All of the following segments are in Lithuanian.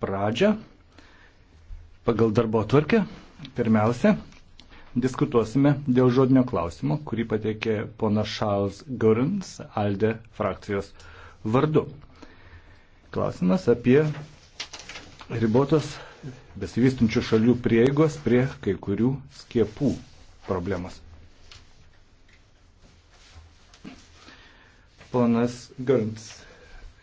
pradžią pagal darbo tvarkę. Pirmiausia, diskutuosime dėl žodinio klausimo, kurį pateikė pona Charles Gurins, Alde frakcijos vardu. Klausimas apie ribotos besivystinčių šalių prieigos prie kai kurių skiepų problemas. Ponas Gurins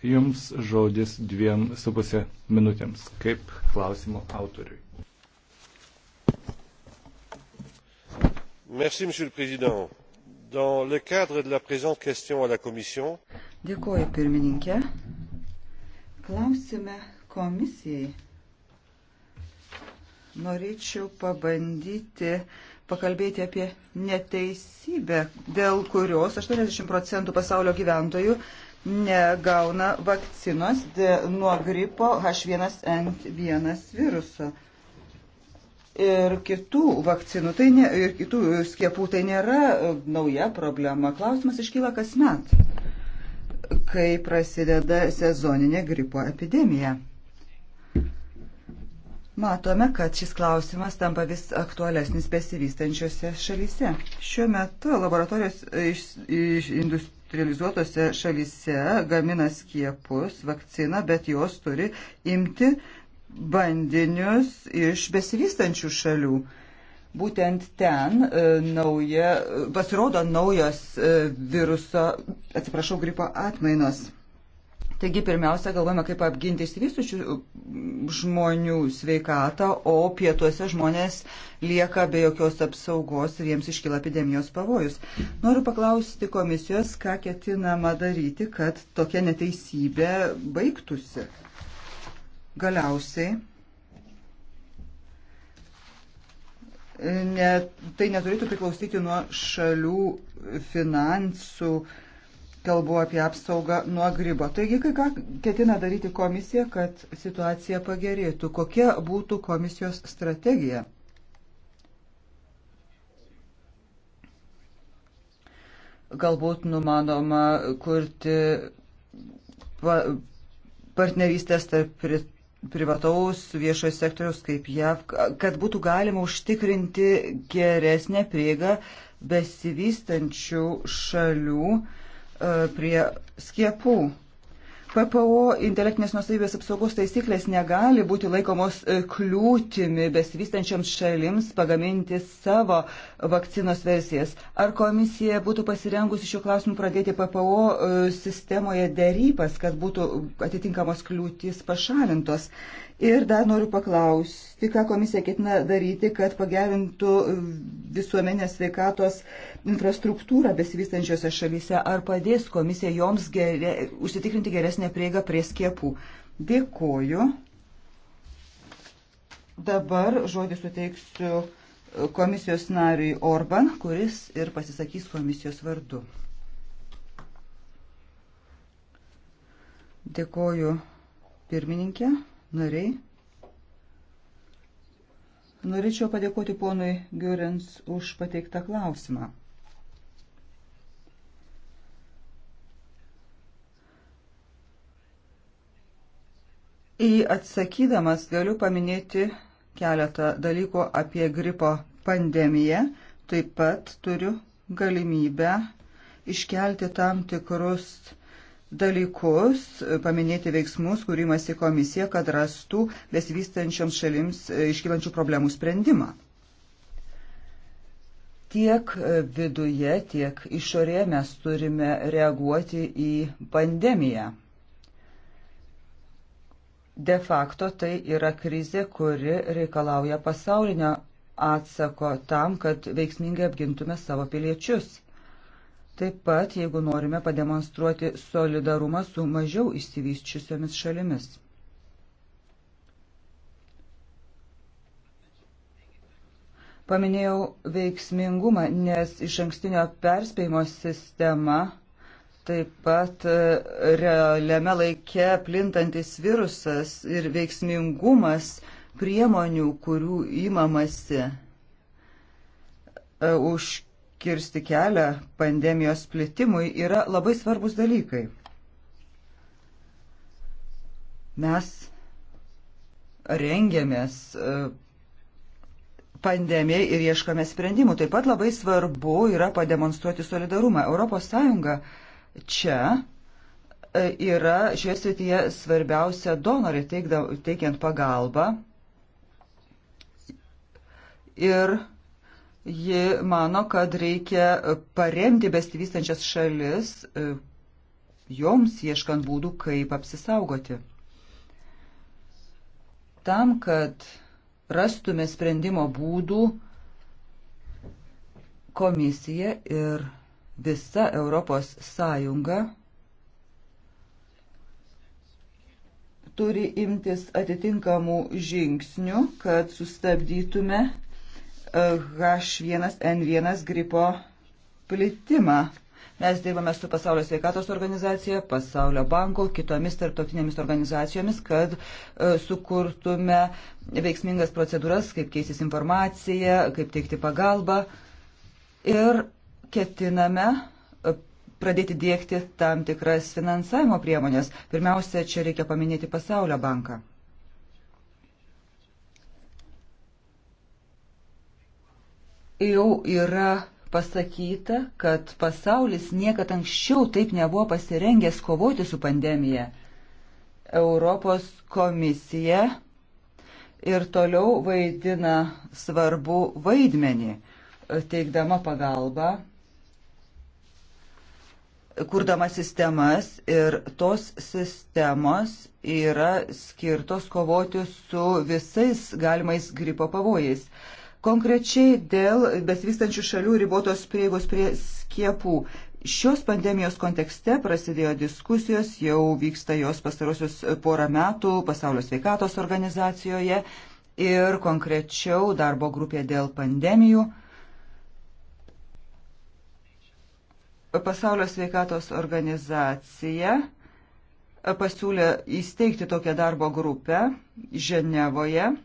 Jums žodis dviem su pusė minutėms, kaip klausimo autoriui. Merci, Monsieur le Président. Dans le cadre de la présente question à la Commission. Dėkuoju, pirmininkė. Klausime komisijai. Norėčiau pabandyti pakalbėti apie neteisybę, dėl kurios 80 procentų pasaulio gyventojų uh, negauna vakcinos nuo gripo H1N1 viruso. Ir kitų vakcinų, tai ne, ir kitų skiepų tai nėra e, nauja problema. Klausimas iškyla kasmet, kai prasideda sezoninė gripo epidemija. Matome, kad šis klausimas tampa vis aktualesnis besivystančiose šalyse. Šiuo metu laboratorijos iš, iš industrijos industrializuotose šalise gamina skiepus, vakciną, bet jos turi imti bandinius iš besivystančių šalių. Būtent ten e, nauja, pasirodo naujos e, viruso, atsiprašau, gripo atmainos. Taigi pirmiausia galvojame, kaip apginti išsivystusių žmonių sveikatą, o pietuose žmonės lieka be jokios apsaugos ir jiems iškyla epidemijos pavojus. Noriu paklausti komisijos, ką ketinama daryti, kad tokia neteisybė baigtųsi. Galiausiai. Ne, tai neturėtų priklausyti nuo šalių finansų uh, kalbu apie apsaugą nuo gribo. Taigi, ką ketina daryti komisija, kad situacija pagerėtų? Kokia būtų komisijos strategija? Galbūt numanoma kurti pa, partnerystės tarp prit privataus viešojo sektoriaus kaip JAV, kad būtų galima užtikrinti geresnę prieigą besivystančių šalių uh, E, prie skiepų. PPO intelektinės nusavybės apsaugos taisyklės negali būti laikomos e, kliūtimi besivystančioms šalims pagaminti savo vakcinos versijas. Ar komisija būtų pasirengusi šiuo klausimu pradėti PPO e, sistemoje dėrybas, kad būtų atitinkamos kliūtis pašalintos? Ir dar noriu paklausti, ką komisija ketina daryti, kad pagerintų visuomenės sveikatos infrastruktūrą besivystančiose šalyse, ar padės komisija joms gerė, užsitikrinti geresnę prieigą prie skiepų. Dėkoju. Dabar žodį suteiksiu komisijos nariui Orban, kuris ir pasisakys komisijos vardu. Dėkoju pirmininkė nariai. Norėčiau padėkoti ponui Giurins už pateiktą klausimą. Į atsakydamas galiu paminėti keletą dalykų apie gripo pandemiją. Taip pat turiu galimybę iškelti tam tikrus uh, dalykus, paminėti veiksmus, kūrimasi komisija, kad rastų besivystančioms šalims e, iškylančių problemų sprendimą. Tiek e, viduje, tiek išorėje mes turime reaguoti į pandemiją. De facto tai yra krizė, kuri reikalauja pasaulinio atsako tam, kad veiksmingai apgintume savo piliečius. Taip pat, jeigu norime pademonstruoti solidarumą su mažiau išsivysčiusiomis šalimis. Paminėjau veiksmingumą, nes iš ankstinio perspėjimo sistema Taip pat e, realiame laike plintantis virusas ir veiksmingumas priemonių, kurių įmamasi, e, už, užkirsti kelią pandemijos plitimui yra labai svarbus dalykai. Mes rengiamės e, pandemijai ir ieškame sprendimų. Taip pat labai svarbu yra pademonstruoti solidarumą. ES čia e, yra šioje srityje svarbiausia donorė teikiant pagalbą. Ir Ji mano, kad reikia paremti bestivystančias šalis, e, joms ieškant būdų, kaip apsisaugoti. Tam, kad rastume sprendimo būdų, komisija ir visa Europos Sąjunga turi imtis atitinkamų žingsnių, kad sustabdytume H1N1 gripo plitimą. Mes dirbame su Pasaulio sveikatos organizacija, Pasaulio banku, kitomis tarptautinėmis organizacijomis, kad e, sukurtume veiksmingas procedūras, kaip keisis informacija, kaip teikti pagalbą. Ir ketiname e, pradėti dėkti tam tikras finansavimo priemonės. Pirmiausia, čia reikia paminėti Pasaulio banką. jau yra pasakyta, kad pasaulis niekad anksčiau taip nebuvo pasirengęs kovoti su pandemija. Europos komisija ir toliau vaidina svarbu vaidmenį, e, teikdama pagalbą, kurdama sistemas ir tos sistemos yra skirtos kovoti su visais galimais gripo pavojais. Konkrečiai dėl besvystančių šalių ribotos prieigos prie skiepų. Šios pandemijos kontekste prasidėjo diskusijos, jau vyksta jos pastarosius porą metų pasaulio sveikatos organizacijoje ir konkrečiau darbo grupė dėl pandemijų. Pasaulio sveikatos organizacija pasiūlė įsteigti tokią darbo grupę Ženevoje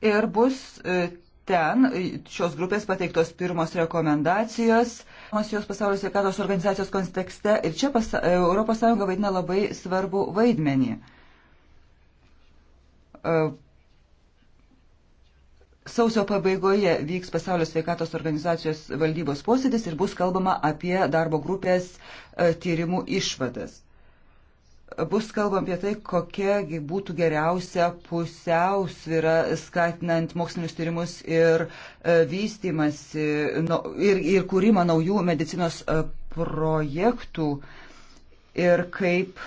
ir bus e, ten e, šios grupės pateiktos pirmos rekomendacijos jos pasaulio sveikatos organizacijos kontekste ir čia pasa, ES vaidina labai svarbu vaidmenį. E, sausio pabaigoje vyks pasaulio sveikatos organizacijos valdybos posėdis ir bus kalbama apie darbo grupės tyrimų išvadas bus kalbam apie tai, kokia būtų geriausia pusiausvyra skatinant mokslinius tyrimus ir e, vystimasi ir, ir kūrimą naujų medicinos e, projektų ir kaip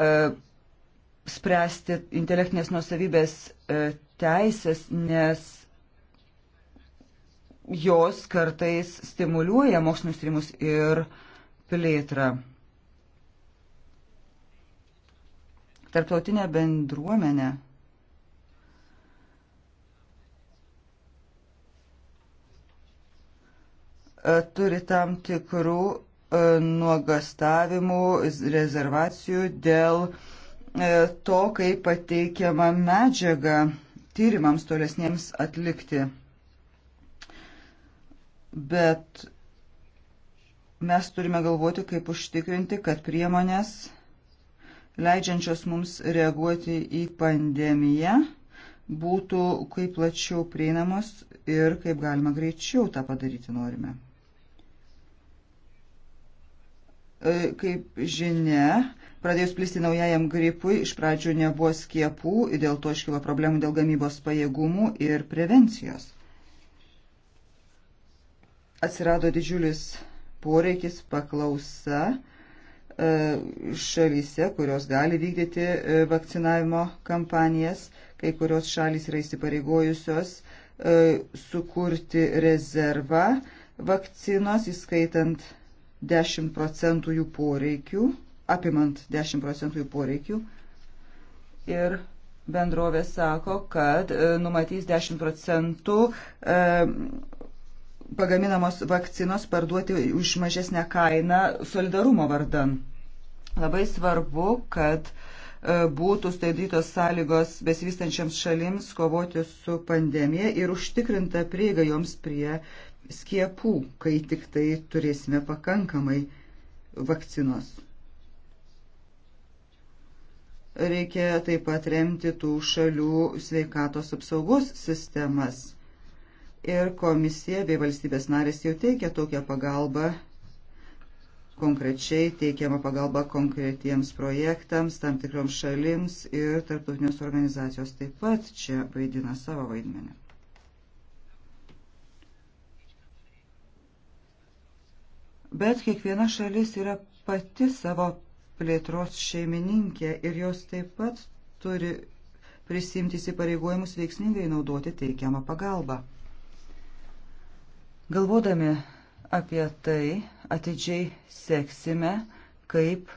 e, spręsti intelektinės nusavybės teisės, nes jos kartais stimuliuoja mokslinius tyrimus ir plėtrą. Tarptautinė bendruomenė e, turi tam tikrų e, nuogastavimų, rezervacijų dėl e, to, kaip pateikiama medžiaga tyrimams tolesniems atlikti. Bet mes turime galvoti, kaip užtikrinti, kad priemonės leidžiančios mums reaguoti į pandemiją, būtų kaip plačiau prieinamos ir kaip galima greičiau tą padaryti norime. E, kaip žinia, pradėjus plisti naujajam gripui, iš pradžių nebuvo skiepų, dėl to iškilo problemų dėl gamybos pajėgumų ir prevencijos. Atsirado didžiulis poreikis paklausa E, šalyse, kurios gali vykdyti e, vakcinavimo kampanijas, kai kurios šalys yra įsipareigojusios e, sukurti rezervą vakcinos, įskaitant 10 procentų jų poreikių, apimant 10 procentų jų poreikių. Ir bendrovė sako, kad numatys 10 procentų pagaminamos vakcinos parduoti už mažesnę kainą solidarumo vardan. Labai svarbu, kad e, būtų staidytos sąlygos besivystančiams šalims kovoti su pandemija ir užtikrinta prieiga joms prie skiepų, kai tik tai turėsime pakankamai vakcinos. Reikia taip pat remti tų šalių sveikatos apsaugos sistemas. Ir komisija bei valstybės narės jau teikia tokią pagalbą konkrečiai teikiama pagalba konkretiems projektams, tam tikroms šalims ir tarptautinės organizacijos taip pat čia vaidina savo vaidmenį. Bet kiekviena šalis yra pati savo plėtros šeimininkė ir jos taip pat turi prisimti įsipareigojimus veiksmingai naudoti teikiamą pagalbą. Galvodami apie tai, atidžiai seksime, kaip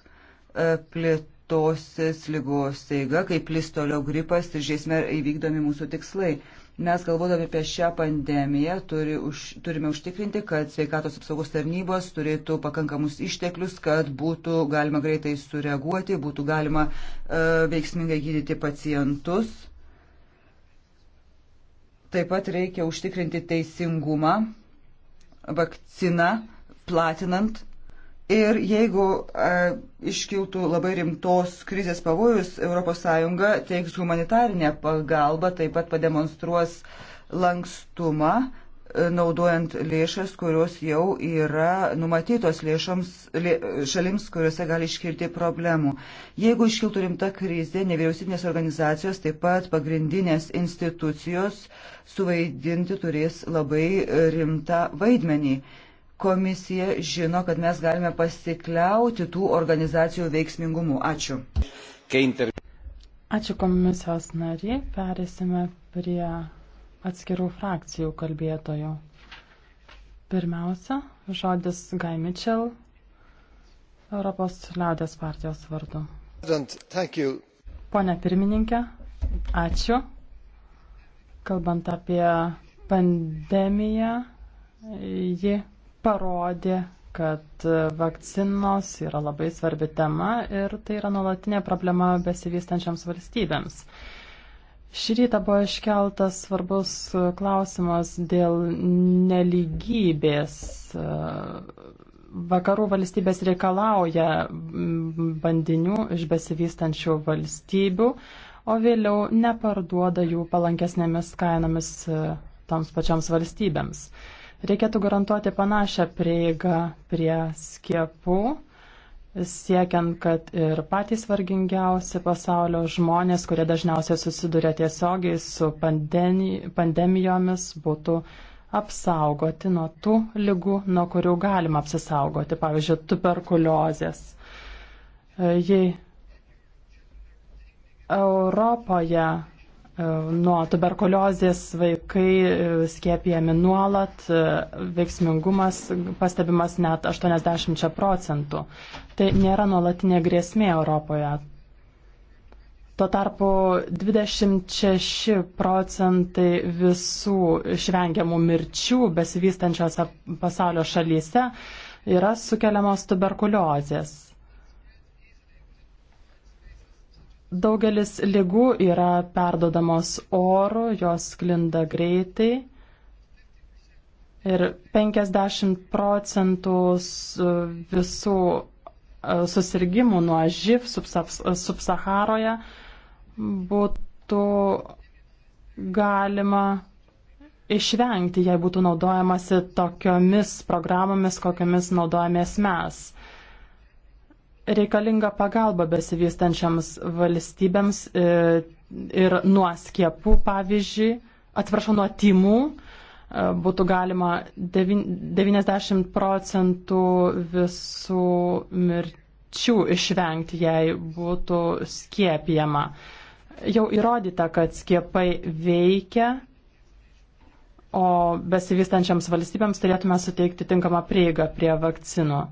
e, plėtosis lygos eiga, kaip plis toliau gripas ir žiaisme įvykdomi mūsų tikslai. Mes galvodami apie šią pandemiją turi už, turime užtikrinti, kad sveikatos apsaugos tarnybos turėtų pakankamus išteklius, kad būtų galima greitai sureaguoti, būtų galima e, veiksmingai gydyti pacientus. Taip pat reikia užtikrinti teisingumą vakciną platinant. Ir jeigu e, iškiltų labai rimtos krizės pavojus, ES teiks humanitarinę pagalbą, taip pat pademonstruos lankstumą naudojant lėšas, kurios jau yra numatytos lėšoms, lė, šalims, kuriuose gali iškilti problemų. Jeigu iškiltų rimta krizė, nevyriausybinės organizacijos, taip pat pagrindinės institucijos suvaidinti turės labai rimtą vaidmenį. Komisija žino, kad mes galime pasikliauti tų organizacijų veiksmingumu. Ačiū. Ačiū komisijos nariai. Perėsime prie atskirų frakcijų kalbėtojų. Pirmiausia, žodis Guy Mitchell, Europos liaudės partijos vardu. Pone pirmininkė, ačiū. Kalbant apie pandemiją, ji parodė, kad vakcinos yra labai svarbi tema ir tai yra nuolatinė problema besivystančiams valstybėms. Šį rytą buvo iškeltas svarbus e, klausimas dėl neligybės. E, Vakarų valstybės reikalauja bandinių iš besivystančių valstybių, o vėliau neparduoda jų palankesnėmis kainomis e, toms pačioms valstybėms. Reikėtų garantuoti panašią prieigą prie skiepų siekiant, kad ir patys vargingiausi pasaulio žmonės, kurie dažniausiai susiduria tiesiogiai su pandemijomis, būtų apsaugoti nuo tų lygų, nuo kurių galima apsisaugoti, pavyzdžiui, tuberkuliozės. E, jei Europoje Nuo tuberkuliozės vaikai e, skiepijami nuolat, e, veiksmingumas pastebimas net 80 procentų. Tai nėra nuolatinė grėsmė Europoje. Tuo tarpu 26 procentai visų išvengiamų mirčių besivystančiose pasaulio šalyse yra sukeliamos tuberkuliozės. Daugelis lygų yra perdodamos oru, jos sklinda greitai. Ir 50 procentų visų e, susirgymų nuo živ subsaharoje būtų galima išvengti, jei būtų naudojamasi tokiomis programomis, kokiamis naudojamės mes reikalinga pagalba besivystančiams valstybėms e, ir nuo skiepų, pavyzdžiui, atsiprašau, nuo timų e, būtų galima 90 procentų visų mirčių išvengti, jei būtų skiepijama. Jau įrodyta, kad skiepai veikia, o besivystančiams valstybėms turėtume suteikti tinkamą prieigą prie vakcinų.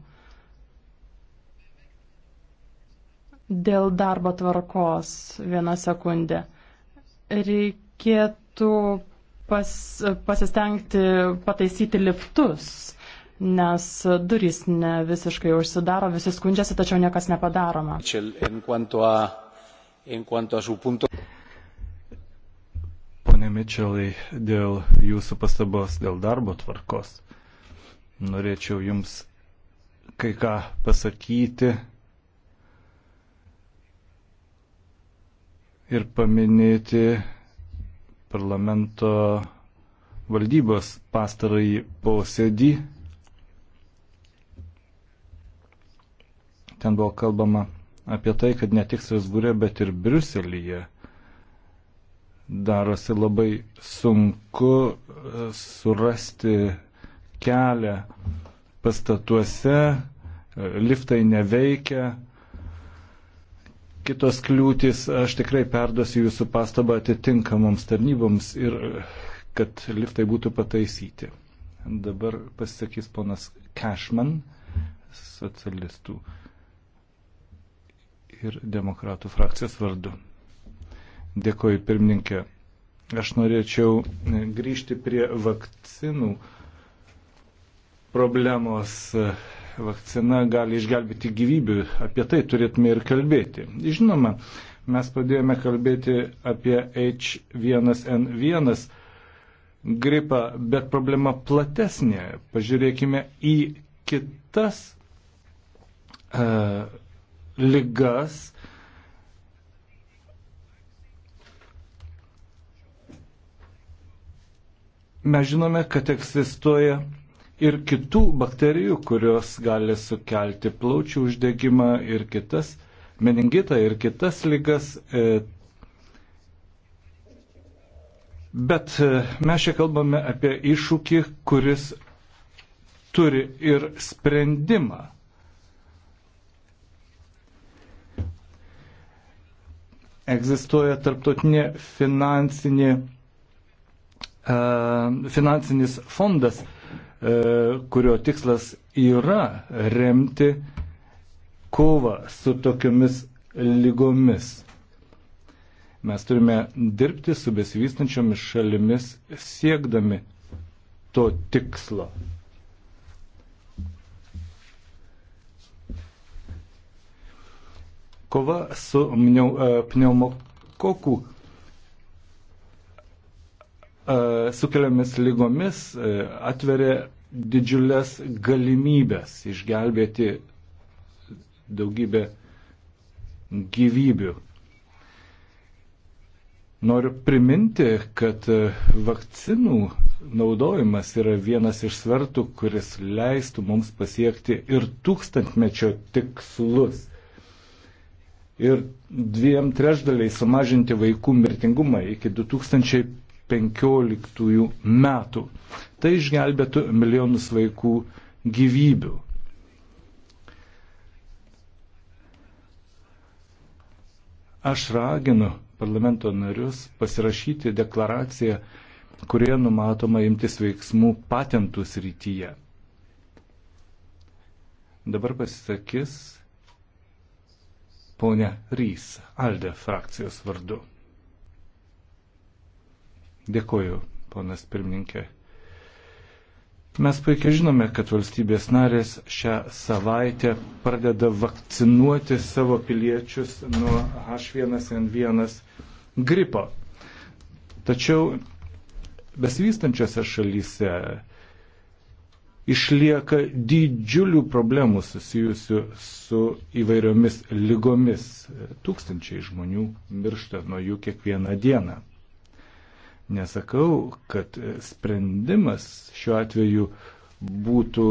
Dėl darbo tvarkos vieną sekundę. Reikėtų pas, pasistengti pataisyti liftus, nes durys ne visiškai užsidaro, visi skundžiasi, tačiau niekas nepadaroma. Pone Mičelai, dėl jūsų pastabos dėl darbo tvarkos norėčiau jums kai ką pasakyti ir paminėti parlamento valdybos pastarąjį posėdį. Ten buvo kalbama apie tai, kad ne tik Strasbūrė, bet ir Briuselyje darosi labai sunku e, surasti kelią pastatuose, e, liftai neveikia, kitos kliūtis, aš tikrai perduosiu jūsų pastabą atitinkamoms tarnyboms ir kad liftai būtų pataisyti. Dabar pasisakys ponas Cashman, socialistų ir demokratų frakcijos vardu. Dėkoju, pirmininkė. Aš norėčiau grįžti prie vakcinų problemos vakcina gali išgelbėti gyvybių, apie tai turėtume ir kalbėti. Žinoma, mes pradėjome kalbėti apie H1N1 gripą, bet problema platesnė. Pažiūrėkime į kitas uh, e, lygas. Mes žinome, kad egzistuoja ir kitų bakterijų, kurios gali sukelti plaučių uždegimą ir kitas, meningitą ir kitas lygas. E, bet e, mes čia kalbame apie iššūkį, kuris turi ir sprendimą. Egzistuoja tarptautinė finansinė, e, finansinis fondas E, kurio tikslas yra remti kovą su tokiomis lygomis. Mes turime dirbti su besivystančiomis šalimis siekdami to tikslo. Kova su e, pneumokokų E, sukeliamis lygomis e, atveria didžiulės galimybės išgelbėti daugybę gyvybių. Noriu priminti, kad e, vakcinų naudojimas yra vienas iš svertų, kuris leistų mums pasiekti ir tūkstantmečio tikslus. Ir dviem trešdaliai sumažinti vaikų mirtingumą iki 2050 2015 metų. Tai išgelbėtų milijonus vaikų gyvybių. Aš raginu parlamento narius pasirašyti deklaraciją, kurioje numatoma imtis veiksmų patentų srityje. Dabar pasisakys ponia Rys, Alde frakcijos vardu. Dėkoju, ponas pirmininkė. Mes puikiai žinome, kad valstybės narės šią savaitę pradeda vakcinuoti savo piliečius nuo H1N1 gripo. Tačiau besivystančiose šalyse išlieka didžiulių problemų susijusių su įvairiomis lygomis. Tūkstančiai žmonių miršta nuo jų kiekvieną dieną. Nesakau, kad sprendimas šiuo atveju būtų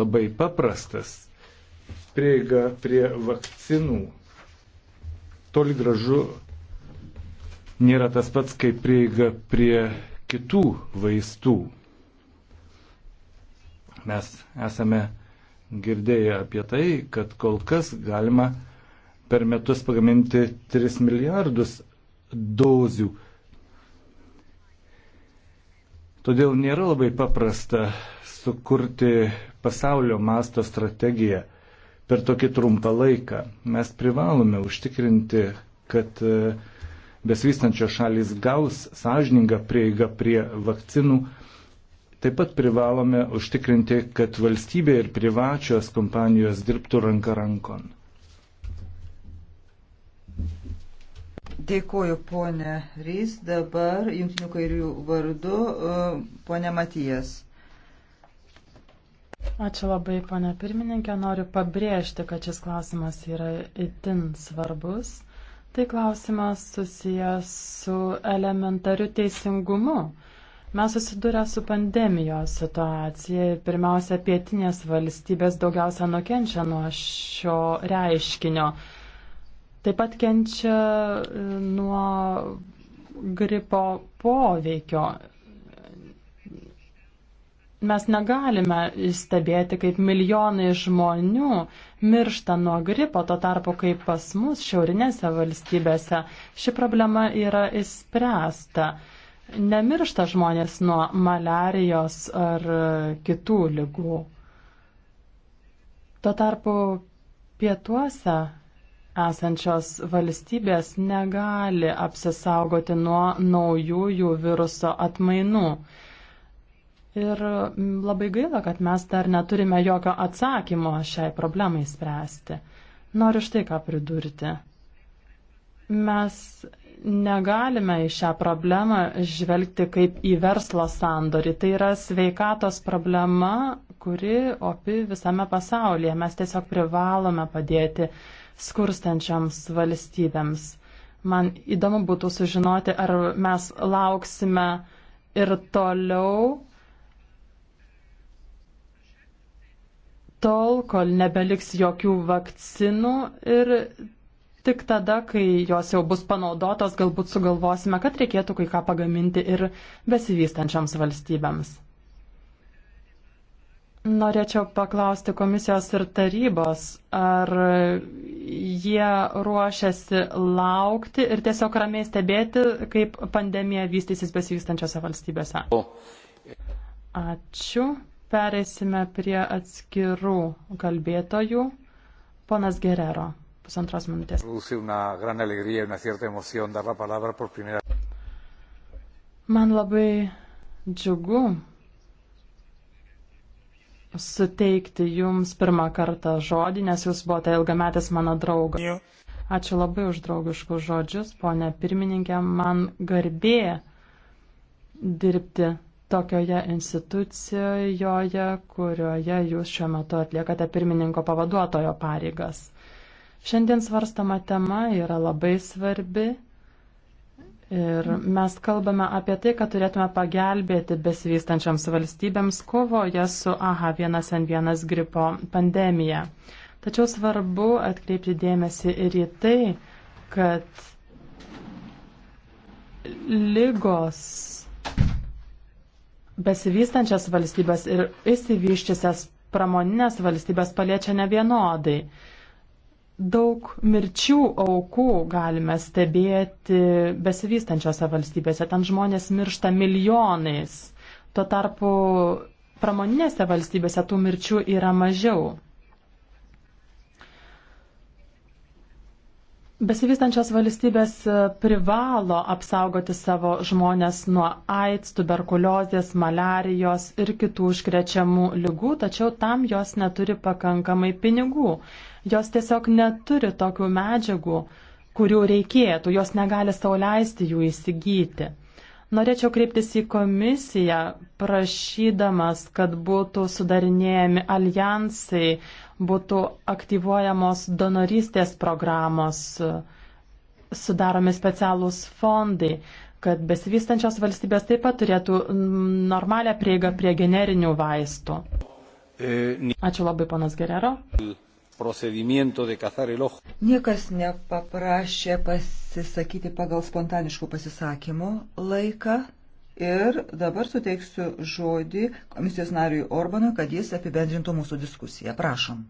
labai paprastas. Prieiga prie vakcinų toli gražu nėra tas pats, kaip prieiga prie kitų vaistų. Mes esame girdėję apie tai, kad kol kas galima per metus pagaminti 3 milijardus dozių Todėl nėra labai paprasta sukurti pasaulio masto strategiją per tokį trumpą laiką. Mes privalome užtikrinti, kad e, besvystančios šalis gaus sąžiningą prieigą prie vakcinų. Taip pat privalome užtikrinti, kad valstybė ir privačios kompanijos dirbtų ranka rankon. Dėkuoju, ponė Rys. Dabar jungtinių kairių vardu e, ponė Matijas. Ačiū labai, ponė pirmininkė. Noriu pabrėžti, kad šis klausimas yra itin svarbus. Tai klausimas susijęs su elementariu teisingumu. Mes susidurę su pandemijos situacija ir pirmiausia, pietinės valstybės daugiausia nukenčia nuo šio reiškinio. Taip pat kenčia e, nuo gripo poveikio. Mes negalime stebėti, kaip milijonai žmonių miršta nuo gripo, to tarpu kaip pas mus šiaurinėse valstybėse ši problema yra įspręsta. Nemiršta žmonės nuo malarijos ar e, kitų lygų. Tuo tarpu pietuose esančios valstybės negali apsisaugoti nuo naujųjų viruso atmainų. Ir labai gaila, kad mes dar neturime jokio atsakymo šiai problemai spręsti. Noriu štai ką pridurti. Mes negalime į šią problemą žvelgti kaip į verslo sandorį. Tai yra sveikatos problema, kuri opi visame pasaulyje. Mes tiesiog privalome padėti skurstančioms valstybėms. Man įdomu būtų sužinoti, ar mes lauksime ir toliau tol, kol nebeliks jokių vakcinų ir Tik tada, kai jos jau bus panaudotos, galbūt sugalvosime, kad reikėtų kai ką pagaminti ir besivystančioms valstybėms. Norėčiau paklausti komisijos ir tarybos, ar jie ruošiasi laukti ir tiesiog ramiai stebėti, kaip pandemija vystysis besivystančiose valstybėse. Ačiū. Pereisime prie atskirų kalbėtojų. Ponas Gerero pusantros minutės. Man labai džiugu suteikti jums pirmą kartą žodį, nes jūs buvote ilgametis mano draugas. Ačiū labai už draugiškus žodžius, ponė pirmininkė, man garbė dirbti tokioje institucijoje, kurioje jūs šiuo metu atliekate pirmininko pavaduotojo pareigas. Šiandien svarstama tema yra labai svarbi ir mes kalbame apie tai, kad turėtume pagelbėti besivystančiams valstybėms kovoje su AH1N1 gripo pandemija. Tačiau svarbu atkreipti dėmesį ir į tai, kad lygos besivystančias valstybės ir įsivyščiusias pramoninės valstybės paliečia nevienodai. vienodai daug mirčių aukų galime stebėti besivystančiose valstybėse. Ten žmonės miršta milijonais. Tuo tarpu pramoninėse valstybėse tų mirčių yra mažiau. Besivystančios valstybės e, privalo apsaugoti savo žmonės nuo AIDS, tuberkuliozės, malarijos ir kitų užkrečiamų lygų, tačiau tam jos neturi pakankamai pinigų. Jos tiesiog neturi tokių medžiagų, kurių reikėtų, jos negali sauliaisti jų įsigyti. Norėčiau kreiptis į komisiją, prašydamas, kad būtų sudarinėjami alijansai būtų aktyvuojamos donorystės programos, sudaromi specialūs fondai, kad besivystančios valstybės taip pat turėtų normalią prieigą prie generinių vaistų. E, Ačiū labai, ponas Gerero. Niekas nepaprašė pasisakyti pagal spontaniškų pasisakymų laiką, Ir dabar suteiksiu žodį komisijos nariui Orbanui, kad jis apibendrintų mūsų diskusiją. Prašom.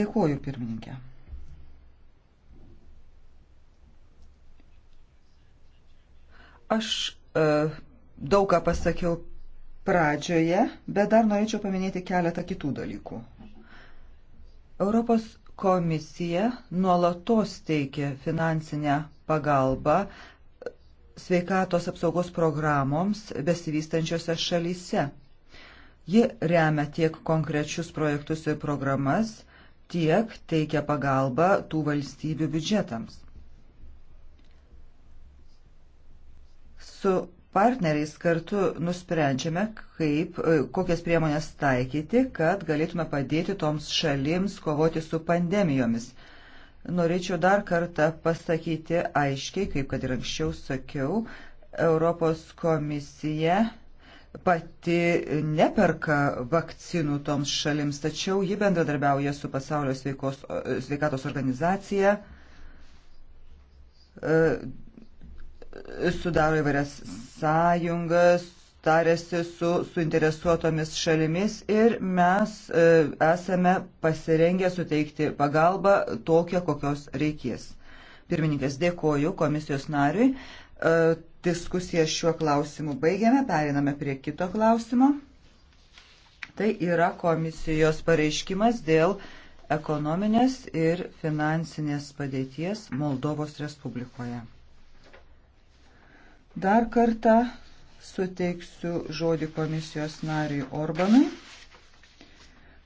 Dėkuoju, pirmininkė. Aš e, daug ką pasakiau pradžioje, bet dar norėčiau paminėti keletą kitų dalykų. Europos Komisija nuolatos teikia finansinę pagalbą sveikatos apsaugos programoms besivystančiose šalyse. Ji remia tiek konkrečius projektus ir programas, tiek teikia pagalbą tų valstybių biudžetams. Su partneriais kartu nusprendžiame, kaip, e, kokias priemonės taikyti, kad galėtume padėti toms šalims kovoti su pandemijomis. Norėčiau dar kartą pasakyti aiškiai, kaip kad ir anksčiau sakiau, Europos komisija pati neperka vakcinų toms šalims, tačiau ji bendradarbiauja su pasaulio sveikos, e, sveikatos organizacija. E, sudaro įvairias sąjungas, tarėsi su suinteresuotomis šalimis ir mes e, esame pasirengę suteikti pagalbą tokią, kokios reikės. Pirmininkas, dėkoju komisijos nariui. E, diskusiją šiuo klausimu baigiame, periname prie kito klausimo. Tai yra komisijos pareiškimas dėl ekonominės ir finansinės padėties Moldovos Respublikoje. Dar kartą suteiksiu žodį komisijos nariui Orbanui.